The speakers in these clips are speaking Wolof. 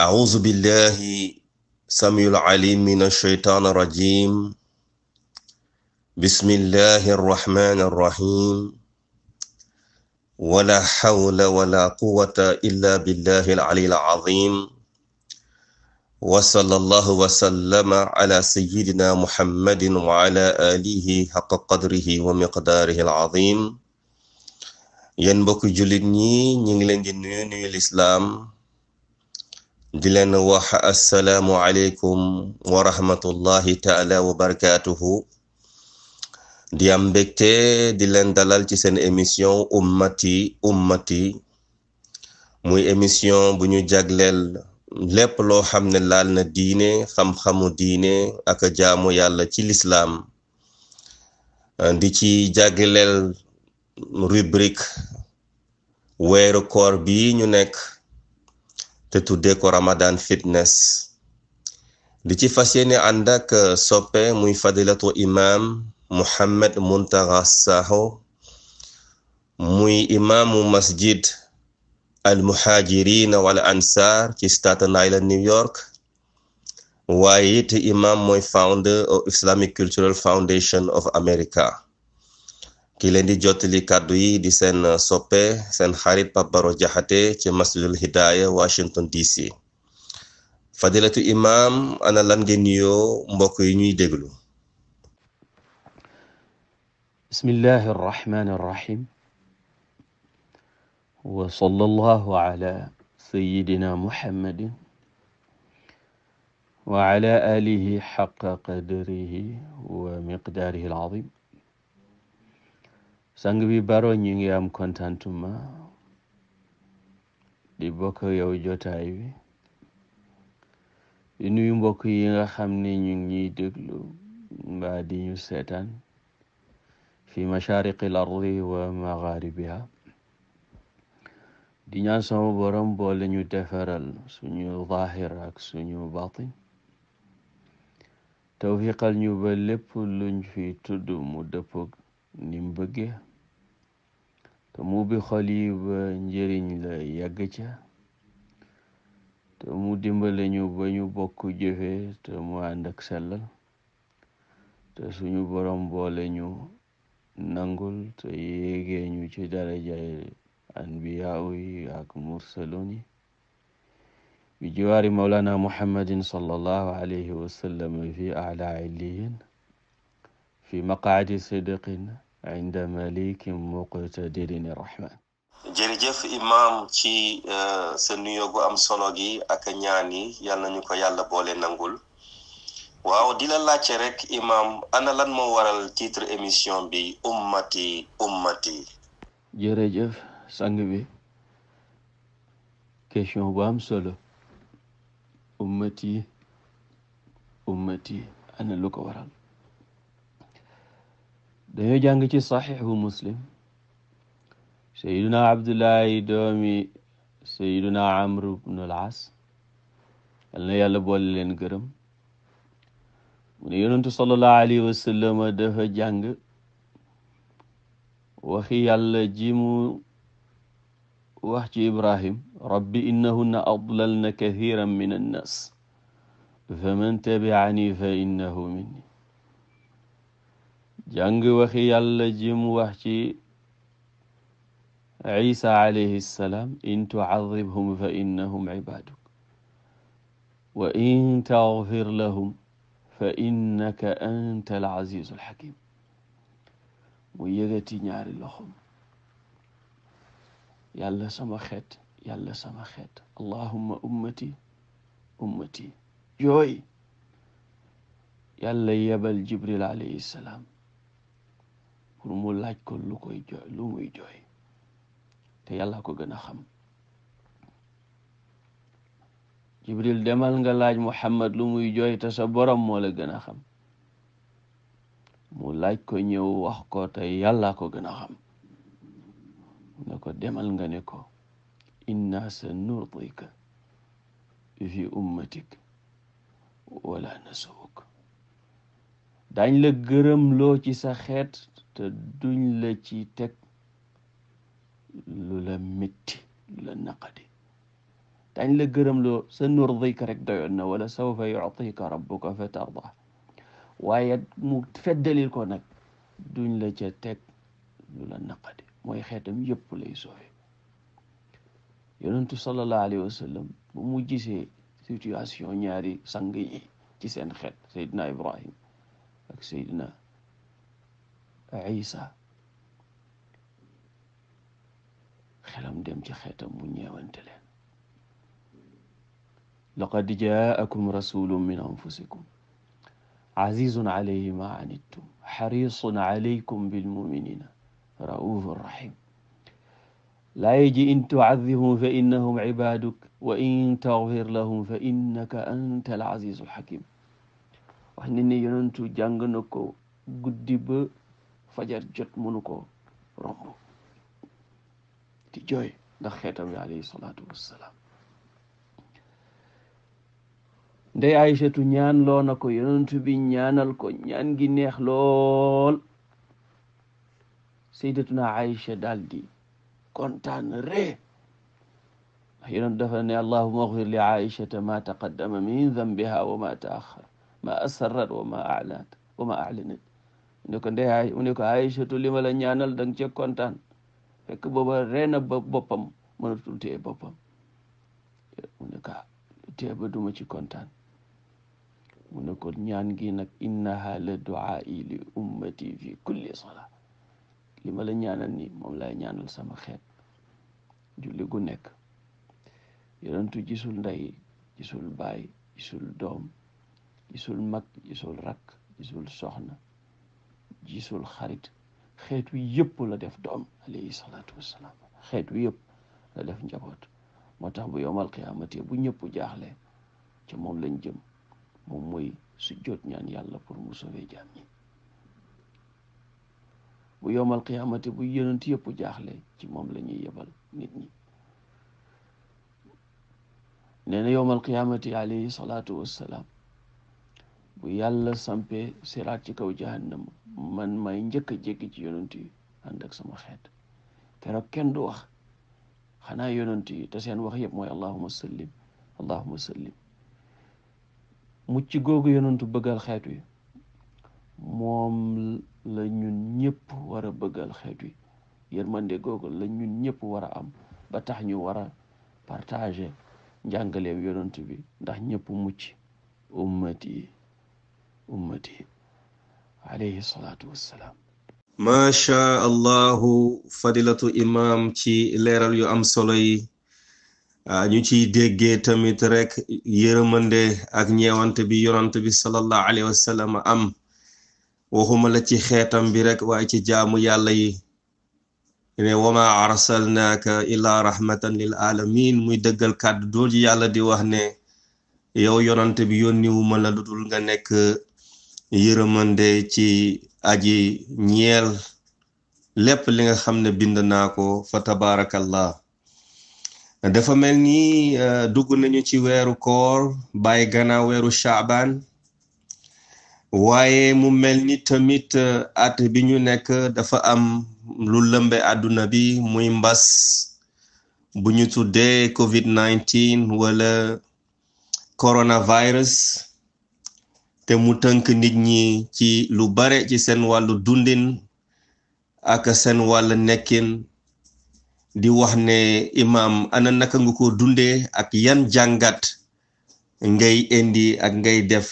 أعوذ بالله سميع العليم من الشيطان الرجيم بسم الله الرحمن الرحيم ولا حول ولا قوة إلا بالله العلي العظيم وصلى الله وسلم على سيدنا محمد وعلى آله حق قدره ومقداره العظيم yéen mbokki jullit ñi ñu ngi leen di nuyu nuyu lislaam di leen wax assalaamu aleykum wa rahmatullahi taala wa di am mbégte di leen dalal ci seen émission ummati ummati muy émission bu ñu jagleel lépp loo xam ne laal na diine xam-xamu diine ak jaamu yàlla ci lislaam di ci jagleel rubrique weeru bi ñu nekk te tuddee ko Ramadan Fitness di ci fas yéene ànd euh, soppe muy fadilatu imam Muhammad Muntaga Sakho muy imaamu masjid al muhajirina wal ansar ci Staten Island New York waaye it imam mooy founder of Islamic Cultural Foundation of America ki leen di jottali kàddu yi di seen uh, soppe seen xarit Pape Baro Jaxate ci masjidul hidaaya Washington DC fadilatu imaam ana lan ngeen nuyoo mbokk yi ñuy déglu bismillahi arrahmani arrahim wa sallallahu ala sayidina muhammadin wa ala alihi xaqa qadrihi wa miqdaarihi alazim sang bi baro ñu ngi am kontantuma di bokk yow jotaay wi di nuyu mbokk yi nga xam ne ñu ngi ñuy déglu mbaa ñu seetaan fi mashariqil ardi wa magharibiha di ñaan sama borom boole ñu defaral suñu zahir ak suñu batin tawfiqal ñu ba lépp luñ fi tudd mu dëppoog ni bëggee te mu ubbi xol ba njëriñ la yàgg ca te mu dimbale ñu ba ñu bokk jëfe te mu ànd ak sellal suñu borom boole ñu nangul te yéegee ñu ci darajay anbiyaaw yi ak mursalun yi bi jiwaari mawlana muhammadin sallallahu alayhi wa fi ala illiyin fi maqaadi sidqin inda malikin muqtadirin rahman jërëjëf imaam ci euh, sa nuyoo gu am solo gi ak ñaan yi yal nañu ko yàlla boole nangul waaw di la laajte rek imaam ana lan moo waral titre émission bi ummati ummati jërëjëf sang bi question bu solo ummati ummati ana lu ko waral dañoo jàng ci saxiixu muslim sayiduna abdullahi doomi sayiduna amru bnu al-as yal na yàlla boole leen gërëm mu ne dafa jàng waxi yàlla ji mu wax ci ibrahim rabbi innahunna adlalna kathiran min annas faman tabiani fa innahu minni jàng waxi yàlla jim wax ci isa alayhi salaam in tucadibhum fa innahum cibaaduk wa in taxfir lahum fa innaka anta alazizu alxakim mu yëgati ñaari loxom yàlla sama xeet yàlla sama xeet allahumma ummati ummati jooy yàlla yebal jibril alayhi salaam pour mu laaj ko lu koy jooy lu muy jooy te yàlla ko gën a xam jibril demal nga laaj mu muhammad lu muy jooy te sa borom moo la gën a xam mu laaj ko ñëw wax ko te yàlla ko gën a xam ne ko demal nga ne ko inna sa nurdika fi ummatik wala nasuuk dañ la gërëm loo ci sa xeet te duñ la ci teg lu la métti lu la naqadi dañ la gërëm loo sa nurdika rek doyoon na wala sawfa yutika rabbuka fa tarda waaye mu feddalil ko nag duñ la ci teg lu la naqadi mooy xeetam yëpp lay soowe yonentu sallallahu alayhi wa sallam bu mu gisee situation ñaari sang yi ci seen xeet Seydina Ibrahim ak Seydina isa xelam dem ci xeetam mu ñeewante leen laqad jaakum rasulun min anfusikum azizun alayhi ma anittum xarisun alaykum bilmuminina raufun rahim laaye ji in tucadibhum fa innahum cibaduk wa in taxfir lahum fa innaka anta al azizu alxakim wax ne ne yonentu jàng na ko guddi ba fajar jot mënu ko romb di jooy ndax bi alayhi salaatu wassalaam ndey aysatu ñaan loo ko yonentu bi ñaanal ko ñaan gi neex lool sayyidatuna aysha daal di kontaan ree ndax yonentu dafa ne allahuma axfir li aishata ma taqaddama min dambiha wa ma taaxar ma asarrat wa ma alanat wa ma alanat ne ko ndeyaay mu ne ko Aysatu li ma la ñaanal da nga kontaan fekk booba reena ba boppam mënatul téye boppam mu ne ko ah, téye ba duma ci kontaan mu ne ko ñaan gi nag innaha la duaai li ummati fi kulli sala li ma la ñaanal ni moom laay ñaanal sama xeet julli gu nekk yonentu gisul ndey gisul baay gisul doom gisul mag gisul rakk gisul soxna gisul xarit xeet wi yëpp la def doom alayhi salaatu wassalaam xeet wi yëpp la def njaboot moo tax bu yowmal qiyaamate bu ñëpp jaaxle ci moom lañ jëm moom mooy su jot ñaan yàlla pour mu sauver jaam ñi bu yowmal qiyaamate bu yonent yëpp jaaxle ci moom la ñuy yebal nit ñi nee na yowmal qiyaamate alayhi salaatu wassalaam bu yàlla sampe siraat ci kaw jahannam man may njëkk a jéggi ci yonent yi ànd ak sama xeet keroog kenn du wax xanaa yonent yi te seen wax yëpp mooy allahuma sallim allahuma sallim mucc googu yonentu bëggal xeet wi moom la ñun ñëpp war a bëggal xeet wi yërmande googu la ñun ñëpp war a am ba tax ñu war a partager njàngaleem yonent bi ndax ñëpp mucc ummati ummati alayhi fadilatu imam ci leeral yu am solo yi ah, ñu ci déggee tamit rek yërëmande ak ñeewante bi yonante bi sallallahu alayhi wa am waxuma la ci xeetam bi rek waaye ci jaamu yàlla yi ne wama illa rahmatan lil alamin muy dëggal kàddu dool di wax ne yow bi yónniwuma la dudul nga nekk yërëmande ci aji ñeel lépp li nga xam ne bind naa ko fa tabaarakallah dafa mel ni euh, dugg nañu ci weeru koor bay gannaaw weeru shaabaan waaye mu mel ni tamit euh, at bi ñu nekk dafa am lu lëmbe àdduna bi muy mbas bu ñu tuddee covid 19 wala coronavirus te mu tënk nit ñi ci lu bare ci seen wàllu dundin ak seen wàllu nekkin di wax ne imaam ana naka nga ko dundee ak yan jàngat ngay indi ak ngay def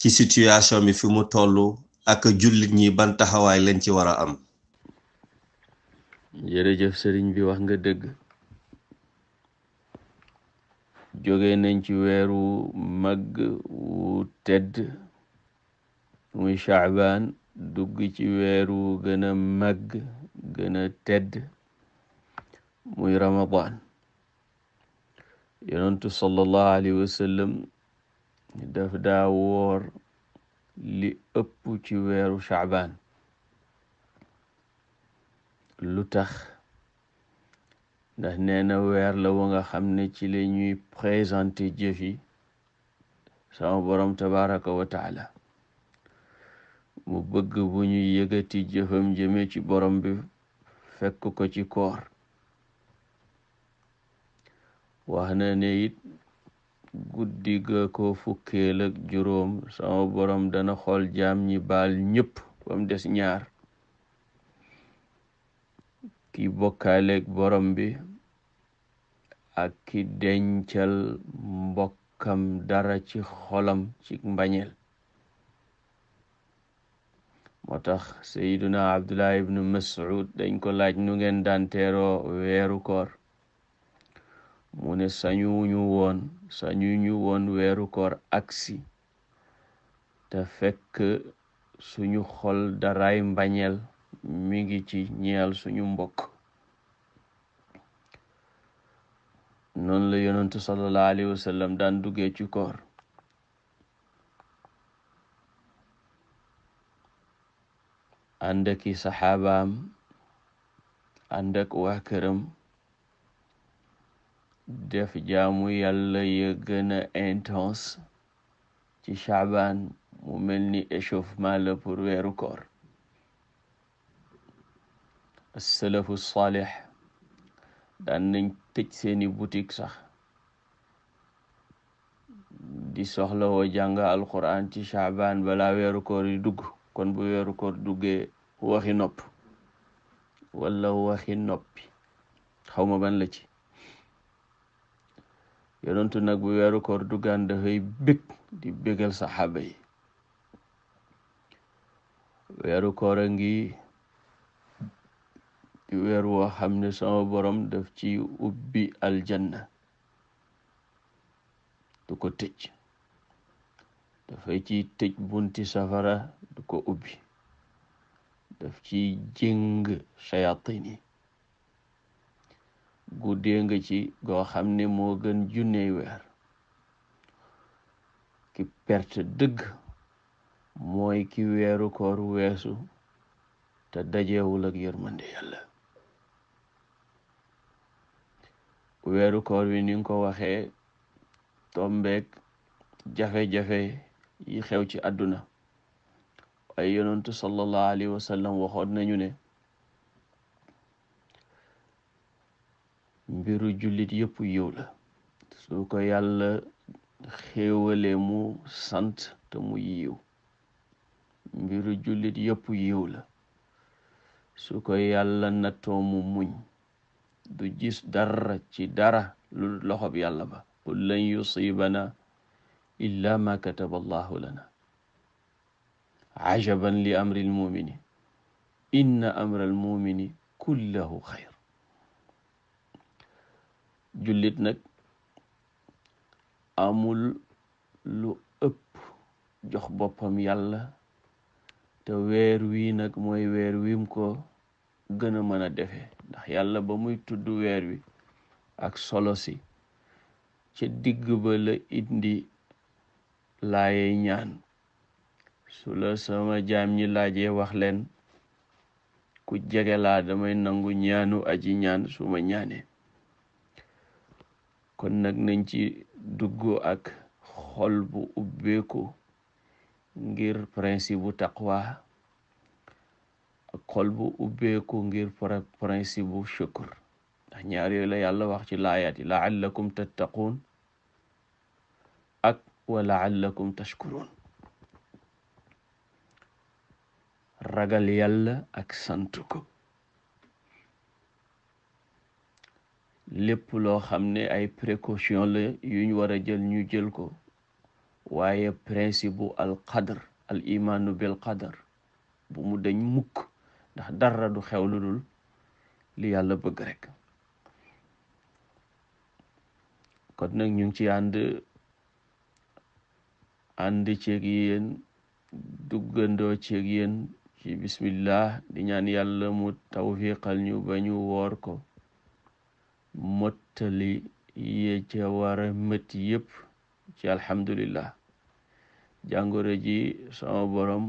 ci situation bi fi mu toll ak jullit ñi ban taxawaay lañ ci war a am. jërëjëf sëriñ bi wax nga dëgg. jóge nañ ci weeru mag wu tedd muy Shaaban dugg ci weeru gën a màgg gën a tedd muy Ramadan yonentu sallallahu alayhi wa daf daa woor li ëpp ci weeru Shaaban lu tax ndax nee na weer la wa nga xam ne ci la ñuy présenté jëfi sama borom tabaraka wa taala mu bëgg bu ñuy yëgati jëfam jëme ci borom bi fekk ko ci koor wax na ne it guddi ga ko fukkeel juróom sama borom dana xool jam ñi baal ñëpp ba mu des ñaar ki bokkaaleeg borom bi ak ki dencal mbokkam dara ci xolam ci mbañel moo tax sayiduna abdullah ibnu mas'ud dañ ko laaj nu ngeen daan teeroo weeru koor mu ne sañuñu woon sañuñu woon weeru koor aksi te fekk suñu xol daraay mbañel mi ngi ci ñeel suñu mbokk noonu la yonentu sallallahu alayhi wa sallam daan duggee ci koor ànd ak i saxaabaam ànd ak waa këram def jaamu yàlla ya gën a ci Chaabaan mu mel ni échauffement la pour weeru koor as-salafu saalih daan nañ tëj seeni boutique sax di soxlawoo jàng alquran ci Shaaban balaa weeru koor yi dugg kon bu weeru koor duggee waxi nopp wala waxi noppi xaw ma ban la ci yonentu nag bu weeru koor duggaan dafay bég di bégal saxaaba weeru koor weer woo xam ne sama borom def ci ubbi aljanna du ko tëj dafay ci tëj bunti safara du ko ubbi daf ci jéng shayatin guddee nga ci goo xam ne moo gën junney weer ki perte dëgg mooy ki weeru koor weesu te dajewul ak yërmande yàlla weeru koor wi ni ko waxe tombeek jafe-jafe yi xew ci àdduna waaye yonentu sallallahu alayhi wa sallam waxoon nañu ne mbiru jullit yëpp yiw la su ko yàlla xéewale mu sant te mu yiw mbiru jullit yëpp yiw la su nattoo mu muñ du jis dara ci dara lu loxob yàlla ba qul lan yusibana illa ma kataba allahu lana ajaban li amri almumini inna amra almumini kullahu xayr jullit nag amul lu ëpp jox boppam yàlla te weer wii nag mooy weer wim ko gën a mën a defee ndax yàlla ba muy tudd weer wi ak solo si ca digg ba la indi laayee ñaan su la sama jaam ñi laajee wax leen ku jege laa damay nangu ñaanu aji ñaan su ñaanee kon nag nañ ci dugg ak xol bu ubbeeku ngir principe bu taqwa ak xol bu ubbeeku ngir principe bu shukur ndax ñaar yooyu la yàlla wax ci laayaat yi laallakum tattaquun ak wa laallakum tashkuruun ragal yàlla ak sant ko lépp loo xam ne ay précaution la yuñ war a jël ñu jël ko waaye principe al qadar al imaanu bil qadar bu mu dañ mukk ndax dara du xew lu dul li yàlla bëgg rek kon nag ñu ngi ci ànd ànd ceeg yéen duggandoo ceeg yéen ci bismillah di ñaan yàlla mu tawfiqal ñu ba ñu woor ko mottali yee ca war a mët yëpp ci alhamdulillah jàngoro ji sama borom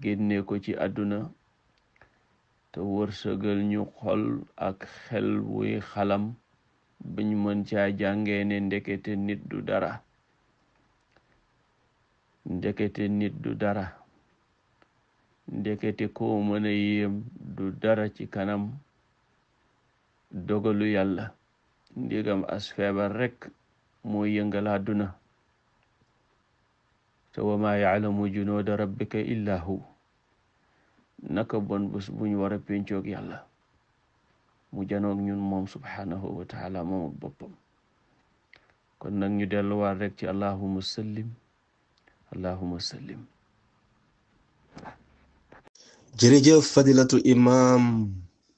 génne ko ci àdduna te wërsëgal ñu xol ak xel wuy xalam bañ mën ca jàngee ne ndekete nit du dara ndekete nit du dara ndekete koo mën a yéem du dara ci kanam dogalu yàlla ndigam as feebar rekk moo yëngal àdduna te wama yaalamu junuuda rabbika illa hu naka bon bés buñ war a mu janoog ñun moom subhaanahu wa moom ak boppam kon nag ñu delluwaat rek ci allahuma sallim allahuma sallim jërëjëf fadilatu imam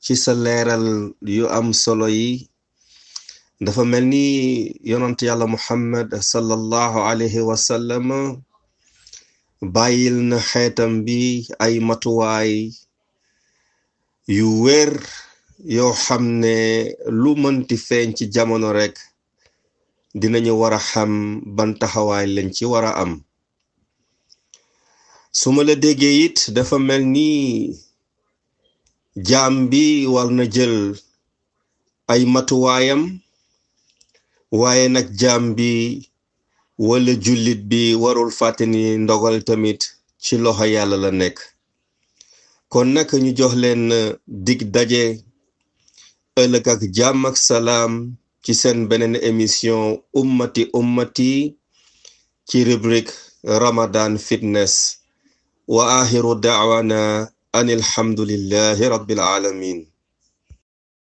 ci leeral yu am solo yi dafa mel ni yonant yàlla muhammad sallallahu alayhi wa bàyyil na xeetam bi ay matuwaay yu wér yoo xam ne lu mënti feeñ ci jamono rekk dinañu war a xam ban taxawaay lañ ci war a am suma la déggee it dafa mel ni jaam bi war na jël ay matuwaayam waaye nag jaam bi wala jullit bi warul fàtte ni ndogal tamit ci loxo yàlla la nekk kon nag ñu jox leen euh, dig daje ëllëg ak jàmm ak salaam ci seen beneen émission ummati ummati ci rubrique ramadan fitness wa axiru daawana an alhamdulillahi rabbil alamin